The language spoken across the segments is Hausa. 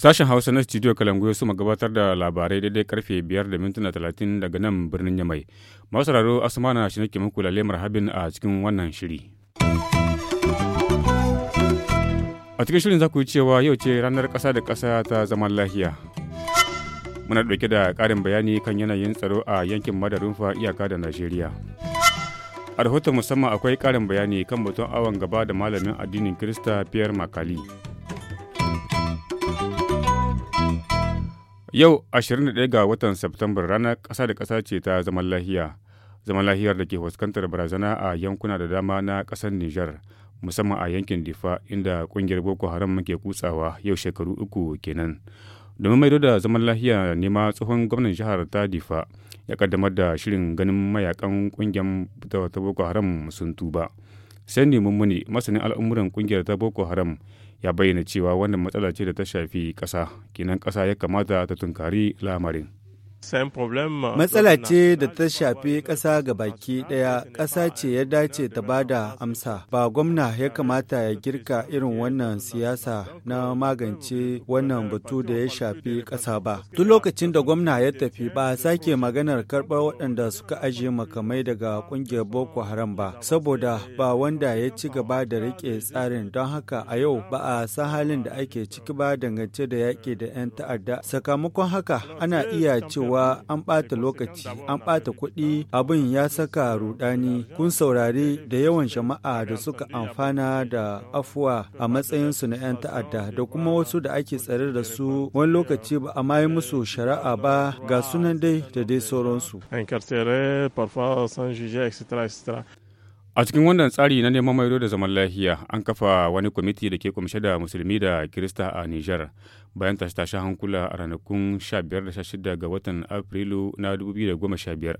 Sashen Hausa na studio Kalangu ya suma gabatar da labarai daidai karfe biyar da mintuna 30 daga nan birnin Yamai. Masu raro Asmana shi nake muku lalle marhabin a cikin wannan shiri. a cikin shirin za ku yi cewa yau ce ranar ƙasa da ƙasa ta zaman lahiya. muna dauke da karin bayani kan yanayin tsaro a yankin madarunfa iyaka da najeriya a rahoton musamman akwai karin bayani kan batun awon gaba da malamin addinin kirista pierre makali yau 21 ga watan september rana kasa da kasa ce ta zaman lahiya zaman lahiyar da ke fuskantar barazana a yankuna da dama na ƙasar niger musamman a yankin difa inda ƙungiyar boko haram ke kutsawa yau shekaru uku kenan domin maido da zaman lafiya nema tsohon gwamnan jihar tadifa ya kaddamar da shirin ganin mayakan kungiyar ta boko haram sun tuba sai neman muni masanin al'amuran kungiyar ta boko haram ya bayyana cewa wannan matsala ce da ta shafi ƙasa kenan ƙasa ya kamata ta tunkari lamarin Matsala ce da ta shafi ƙasa ga baki ɗaya, ƙasa ce ya dace ta ba da amsa. Ba gwamna ya kamata ya girka irin wannan siyasa na magance wannan batu da ya shafi ƙasa ba. Duk lokacin da gwamna ya tafi ba a sake maganar karɓar waɗanda suka ajiye makamai daga ƙungiyar Boko Haram ba, saboda ba wanda ya ci gaba da riƙe tsarin don haka a yau ba a san halin da ake ciki ba dangance da yaƙi da 'yan ta'adda. Sakamakon haka ana iya cewa cewa an ɓata lokaci an ɓata kuɗi abin ya saka rudani kun saurari da yawan jama'a da suka amfana da afuwa a matsayin su na 'yan ta'adda da kuma wasu da ake tsare da su wani lokaci ba a mayi musu shari'a ba ga sunan dai da dai sauransu. A cikin wannan tsari na neman maido da zaman lafiya an kafa wani kwamiti da ke kumshe da musulmi da kirista a Nijar bayan tashe tashi hankula a ranakun 15 da 16 ga watan Afrilu na 2015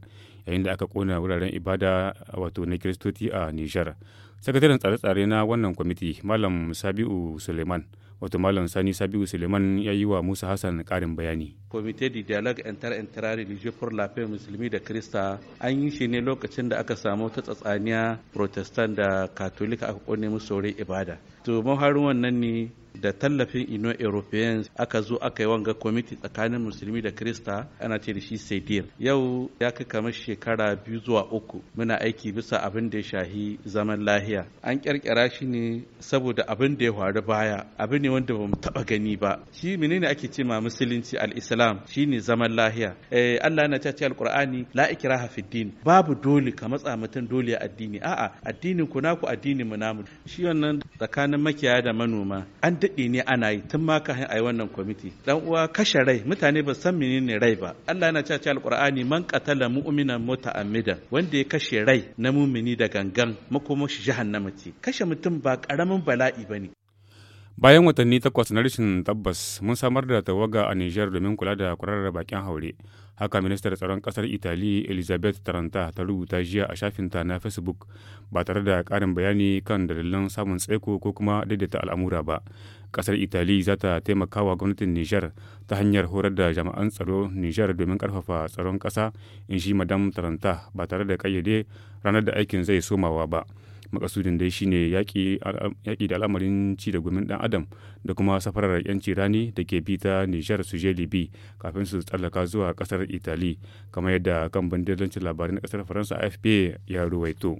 yayin da aka kona wuraren ibada wato na kiristoci a Nijar. sakataren tsare-tsare na wannan kwamiti malam sabiu suleiman wato malam sani sabiu suleiman ya yi wa musa hassan karin bayani komite di dialogue inter intra religieux pour la paix musulmi da krista an yi shi ne lokacin da aka samu ta tsatsaniya protestant da katolika aka kone musu saurin ibada to maharin wannan ne da tallafin ino european aka zo aka yi wanga kwamiti tsakanin musulmi da krista ana ce da shi sedir yau ya kai kamar shekara biyu zuwa uku muna aiki bisa abin da ya shahi zaman lahiya an kyarkyara shi ne saboda abin da ya faru baya abu ne wanda bamu taba gani ba shi menene ake ce ma musulunci al-islam shine zaman lahiya eh Allah yana ce alqur'ani la ikraha fid din babu dole ka matsa mutum dole addini a'a addinin ku naku addinin mu namu shi wannan tsakanin makiyaya da manoma an daɗe ne ana yi tun ma kafin a yi wannan kwamiti dan uwa kashe rai mutane ba san menene rai ba Allah yana cewa cikin alqur'ani man qatala mu'minan muta'ammidan wanda ya kashe rai na mumini da gangan makomo shi jahannama ce kashe mutum ba karamin bala'i bane Bayan watanni takwas na rashin tabbas mun samar da tawaga a niger domin kula da kwararar bakin haure. Haka ministar tsaron kasar Itali Elizabeth Taranta ta rubuta jiya a shafinta na Facebook ba tare da karin bayani kan dalilan samun tsaiko ko kuma daidaita al'amura ba. Kasar Itali za ta taimaka wa gwamnatin niger ta hanyar horar da jami'an tsaro niger domin karfafa tsaron kasa in shi Madam Taranta ba tare da kayyade ranar da aikin zai somawa ba. makasudin dai shine yaƙi da al'amarin ci da gumin ɗan adam da kuma safarar 'yanci rani da ke bi ta nijar su je libi kafin su tsallaka zuwa ƙasar itali kamar yadda kan labarai na ƙasar faransa afp ya ruwaito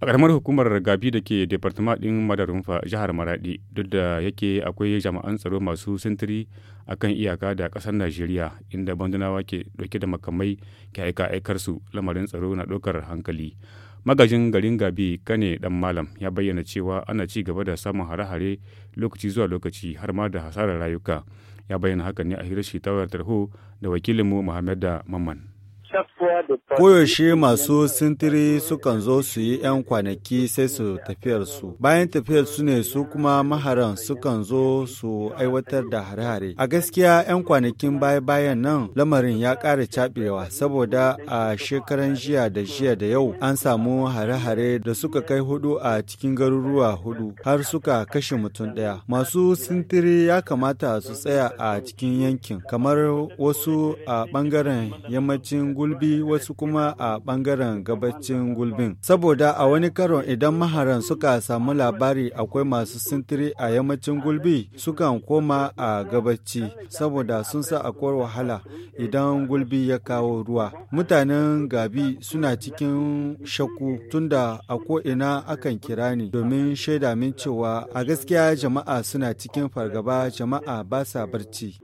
a ƙaramar hukumar gabi da ke departama ɗin madarunfa jihar maradi duk da yake akwai jama'an tsaro masu sintiri a kan iyaka da ƙasar najeriya inda bandunawa ke ɗauke da makamai ke aika aikarsu lamarin tsaro na ɗaukar hankali magajin garin gabi kane dan malam ya bayyana cewa ana ci gaba da samun hare-hare lokaci zuwa lokaci har ma da hasarar rayuka ya bayyana haka ne a hirar shi ta tarho da wakilinmu muhammad da mamman Koyaushe masu sintiri sukan zo su yi 'yan kwanaki sai su tafiyar su. Bayan tafiyar su ne su kuma maharan sukan zo su aiwatar da hare-hare. A gaskiya 'yan kwanakin baya-bayan nan lamarin ya ƙara caɓewa saboda a shekaran jiya da jiya da yau an samu hare-hare da suka kai hudu a cikin garuruwa hudu har suka kashe mutum ɗaya. Masu sintiri ya kamata su tsaya a cikin yankin kamar wasu a ɓangaren yammacin gulbi wasu kuma kuma a ɓangaren gabacin gulbin. Saboda a wani karon idan maharan suka samu labari akwai masu sintiri a yammacin gulbi sukan koma a gabaci saboda sun sa akwai wahala idan gulbi ya kawo ruwa. Mutanen gabi suna cikin shaku tunda a ko'ina akan kira ni domin shaida min cewa a gaskiya jama'a suna cikin fargaba jama'a ba sa barci.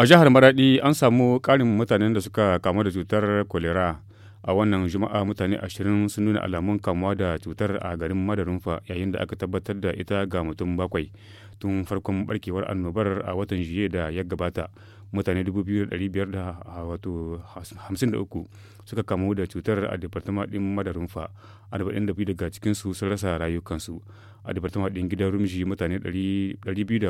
A jihar maradi an samu karin mutanen da suka kamu da cutar kolera. A wannan juma'a mutane ashirin sun nuna alamun kamuwa da cutar a garin Madarunfa yayin da aka tabbatar da ita ga mutum bakwai tun farkon barkewar annobar a watan Juye da ya gabata. mutane 2,553 suka kamu da cutar a departama din madarunfa biyu daga cikinsu sun rasa rayukansu a departama din gidan rumshi mutane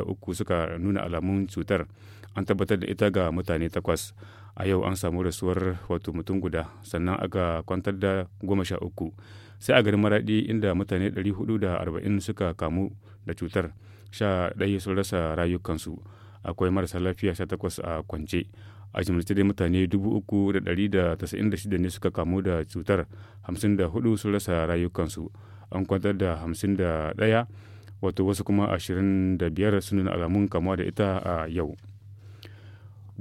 uku suka nuna alamun cutar an tabbatar da ita ga mutane takwas a yau an samu rasuwar wato mutum guda sannan aka kwantar da goma sha uku sai a garin maraɗi inda mutane 440 suka kamu da cutar sha ɗaya sun rasa rayukansu akwai marasa lafiya sha takwas a kwance a jimlice dai mutane shida ne suka kamu da cutar 54 su rasa rayukansu an kwantar da 51 wato wasu kuma 25 sun nuna alamun kamuwa da ita a yau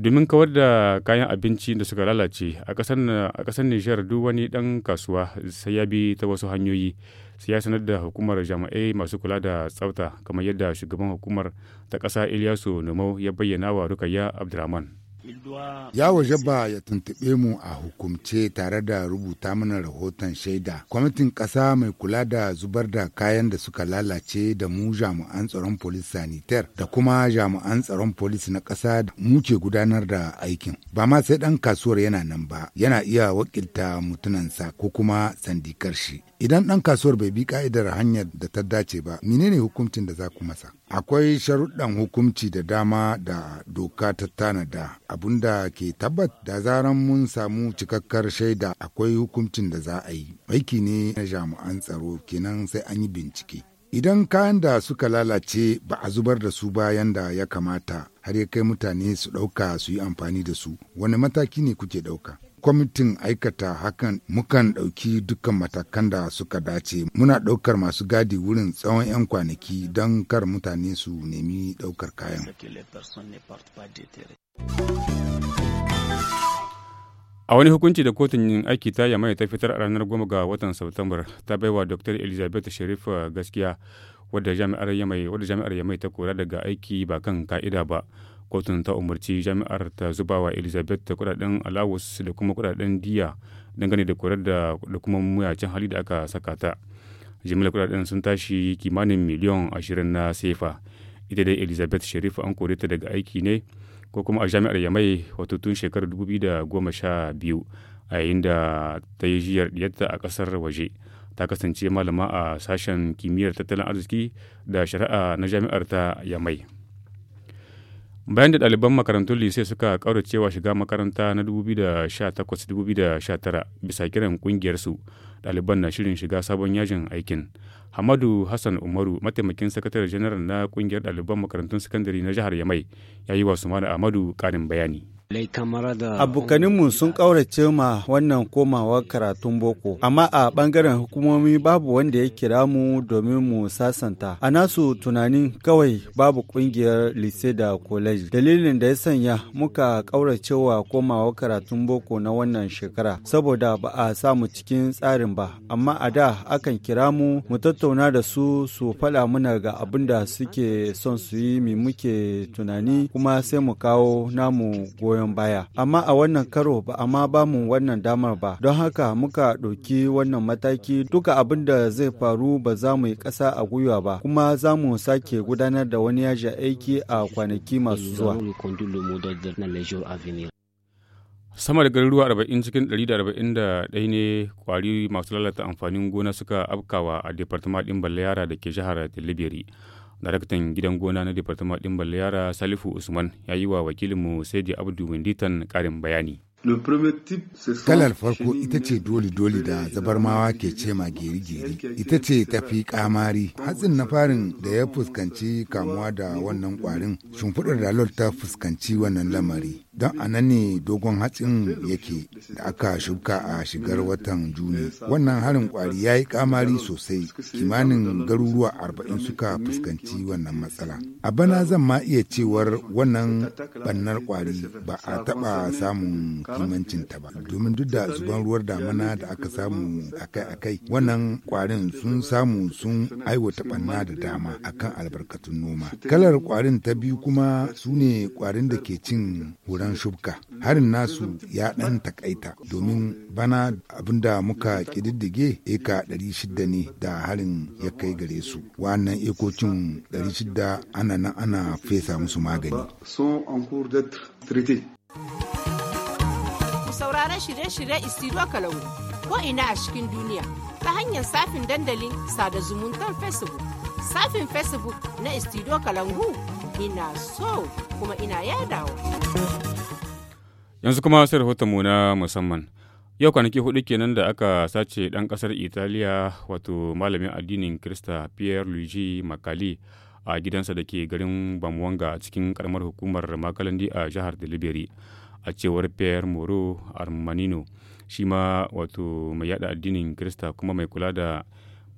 domin kawar da kayan abinci da suka lalace a ƙasar nijar duk wani ɗan kasuwa sai ya bi ta wasu hanyoyi sai ya sanar da hukumar jami'ai masu kula da tsafta kamar yadda shugaban hukumar ta ƙasa iliyasu nomo ya bayyana wa rukayya abdulrahman Ya waje ba ya tuntuɓe mu a hukumce tare da rubuta mana rahoton shaida. Kwamitin ƙasa mai kula da zubar da kayan da suka lalace da mu jami'an tsaron polis sanitar da kuma jami'an tsaron polis na ƙasa da muke gudanar da aikin. Ba ma sai ɗan kasuwar yana nan ba, yana iya wakilta mutunansa ko kuma sandikar shi. Idan ɗan kasuwar bai bi ka'idar hanyar da ta dace ba, menene hukuncin da za ku masa? Akwai sharuɗan hukunci da dama da doka ta tanada abun da ke tabbat da zaran mun samu cikakkar shaida akwai hukuncin da za a yi. Aiki ne na jami'an tsaro kenan sai an yi bincike. Idan kayan da suka lalace ba a zubar da su bayan da ya kamata har ya kai mutane su ɗauka su yi amfani da su, wani mataki ne kuke ɗauka? kwamitin aikata hakan mukan ɗauki dukkan matakan da suka dace muna ɗaukar masu gadi wurin tsawon 'yan kwanaki don kar mutane su nemi ɗaukar kayan a wani hukunci da kotun yin aiki ta yamma ta fitar a ranar goma ga watan Satumbar ta baiwa dr elizabeth sharifa uh, gaskiya wadda jami'ar yamai wadda jami'ar yamai ta kora daga aiki ba kan ka'ida ba kotun ta umarci jami'ar ta zubawa elizabeth da kudaden alawus da kuma kudaden diya dangane da korar da kuma muyacin hali da aka saka ta jimilar kudaden sun tashi kimanin miliyon ashirin na sefa ita dai elizabeth sharif an kore ta daga aiki ne ko kuma a jami'ar yamai wato tun shekarar biyu a yayin da ta yi jiyar diyarta a kasar waje ta kasance malama a sashen kimiyyar tattalin arziki da shari'a na jami'ar ta yamai bayan da ɗaliban makarantun lise suka cewa shiga makaranta na 2018-2019 bisa kiran ƙungiyarsu ɗaliban na shirin shiga sabon yajin aikin hamadu hassan umaru mataimakin sakatare janar na ƙungiyar ɗaliban makarantun sakandare na jihar yamai ya yi wa sumana amadu ƙarin bayani Abokaninmu sun ƙaurace ma wannan komawa karatun boko, amma a ɓangaren hukumomi babu wanda ya kira mu domin mu sasanta. A nasu tunanin kawai babu ƙungiyar lise da koleji. Dalilin da ya sanya muka ƙauracewa komawa karatun boko na wannan shekara, saboda ba a samu cikin tsarin ba, amma a da akan kira mu mu tattauna da su su faɗa muna ga abin da suke son su yi muke tunani kuma sai mu kawo namu goyon goyon baya. Amma a wannan karo ba a ma ba mu wannan damar ba. Don haka muka ɗauki wannan mataki duka abin da zai faru ba za mu yi ƙasa a gwiwa ba. Kuma za mu sake gudanar da wani yaji aiki a kwanaki masu zuwa. sama da garuruwa arba'in cikin ɗari da arba'in ne kwari masu lalata amfanin gona suka afkawa a departement ɗin balayara da ke jihar Tilibiri. daraktan gidan gona na departement ɗin yara salifu usman ya yi wa wakilinmu saidi abdu minditan ƙarin bayani Kalar farko ita ce doli-doli da zabarmawa ke ce ma geri-geri, ita ce tafi kamari. Hatsin na farin da ya fuskanci kamuwa da wannan kwarin, shimfiɗar dalol ta fuskanci wannan lamari. Don a nan ne dogon hatsin yake da aka shuka a shigar watan Juni. Wannan harin kwari ya yi kamari sosai, kimanin garuruwa arba'in suka fuskanci wannan matsala. A bana zan ma iya cewar wannan bannar kwari ba a taɓa samun ta ba domin duk da zuban ruwar damana da aka samu akai-akai wannan kwarin sun samu sun aiwata banna da dama akan albarkatun noma kalar kwarin ta biyu kuma su ne kwarin da ke cin huran shubka harin nasu ya dan takaita domin bana abinda muka kididdige eka 600 ne da harin ya kai gare su wannan ekocin 600 ana nan ana fesa musu magani sauraron shirye-shirye Istiro Kalangu ko ina a cikin duniya ta hanyar safin dandalin sada zumuntar Facebook. Safin Facebook na Istiro Kalangu ina so kuma ina yadawa. Yanzu kuma sai rahotonmu na musamman. Yau kwanaki hudu kenan da aka sace ɗan ƙasar Italiya wato malamin addinin Kirista Pierre Luigi Makali. a gidansa da ke garin Bamwanga cikin karamar hukumar Makalandi a jihar Delivery. A cewar Pierre Moro Armanino shi ma wato mai yada addinin Kirista kuma mai kula da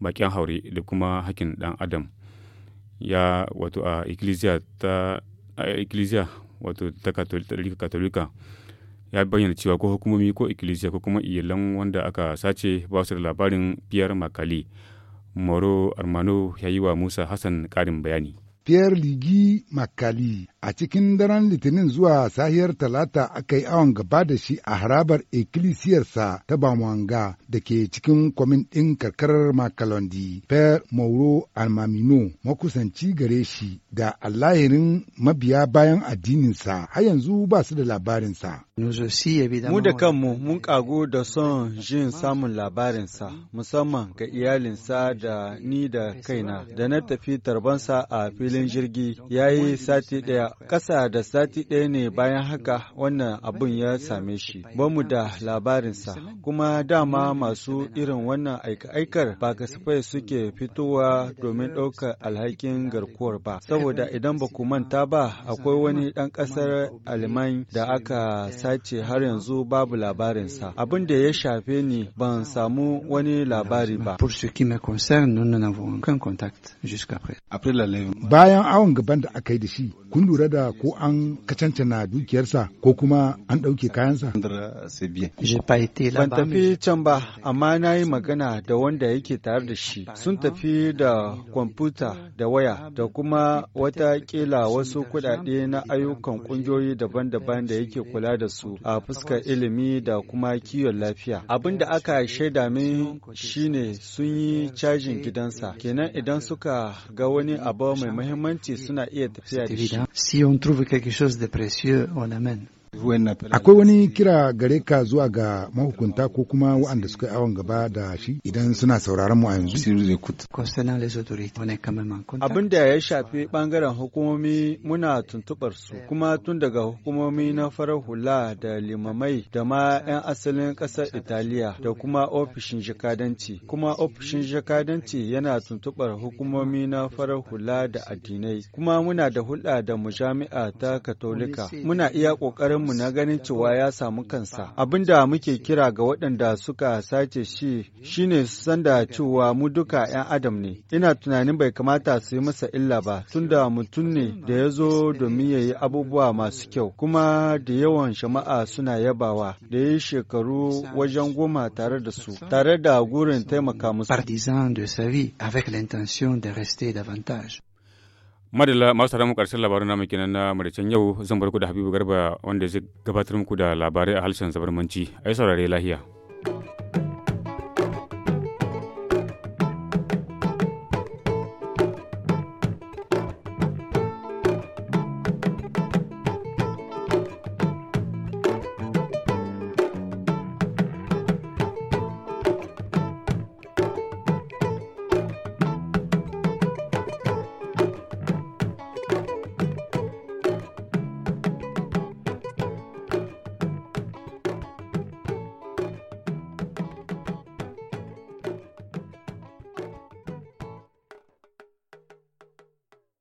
bakin haure da kuma hakin dan Adam. Ya wato a ikkilisiya ta wato ta katolika ya bayyana cewa ko hukumomi ko ikilisiya ko kuma iyalan wanda aka sace ba su da labarin pierre makali moro armano ya yi wa musa hassan ƙarin bayani Pierre Ligi Makali a cikin daren Litinin zuwa sahiyar Talata aka yi awon gaba da shi a harabar ikkilisiyarsa ta Bamwanga da ke cikin kwamin ɗin karkarar Makalondi. Pierre Mauro Almamino makusanci gare shi da allahirin mabiya bayan addininsa har yanzu ba su da labarinsa. Mu da kanmu mun kago da son jin samun labarinsa musamman ga iyalinsa da ni da kaina da na tafi tarbansa a fili. filin jirgi ya yi sati ɗaya ƙasa da sati ɗaya ne bayan haka wannan abun ya same shi ba mu da labarinsa kuma dama masu irin wannan aika-aikar ba kasafai suke fitowa domin ɗaukar alhakin garkuwar ba saboda idan ba ku manta ba akwai wani ɗan ƙasar alman da aka sace har yanzu babu labarinsa abin da ya shafe ni ban samu wani labari ba. Pour bayan awon gaban da aka yi da shi kun lura da ko an kacancana dukiyarsa ko kuma an ɗauke kayansa? Ban tafi can ba, amma na yi magana da wanda yake tare da shi. Sun tafi da kwamfuta da waya da kuma wata kila wasu kuɗaɗe na ayyukan ƙungiyoyi daban-daban da yake kula da su a fuskar ilimi da kuma kiwon lafiya. Abin da aka shaida min shine sun yi cajin gidansa. Kenan idan suka ga wani abu mai C'est Si on trouve quelque chose de précieux, on amène. Akwai wani kira gare ka zuwa ga mahukunta ko kuma waɗanda suka yi awon gaba da shi idan suna sauraron mu a yanzu. Abin da ya shafi ɓangaren hukumomi muna tuntuɓar su kuma tun daga hukumomi na farar hula da limamai da ma 'yan asalin ƙasar Italiya da kuma ofishin jakadanci. Kuma ofishin jakadanci yana tuntuɓar hukumomi na farar hula da addinai. Kuma muna da hulɗa da mujami'a ta Katolika. Muna iya ƙoƙarin mu mu na ganin cewa ya samu kansa. Abin da muke kira ga waɗanda suka sace shi shine su san da cewa mu duka 'yan adam ne. Ina tunanin bai kamata su yi masa illa ba tunda mutum ne da ya zo domin ya yi abubuwa masu kyau kuma da yawan shama'a suna yabawa da ya yi shekaru wajen goma tare da su tare da gurin taimaka musu. Partisan de davantage. madalla masu tara mu karshen labarin namu kenan na maricen yau zan bar da habibu garba wanda zai gabatar muku da labarai a harshen zabarmanci ai saurare lahiya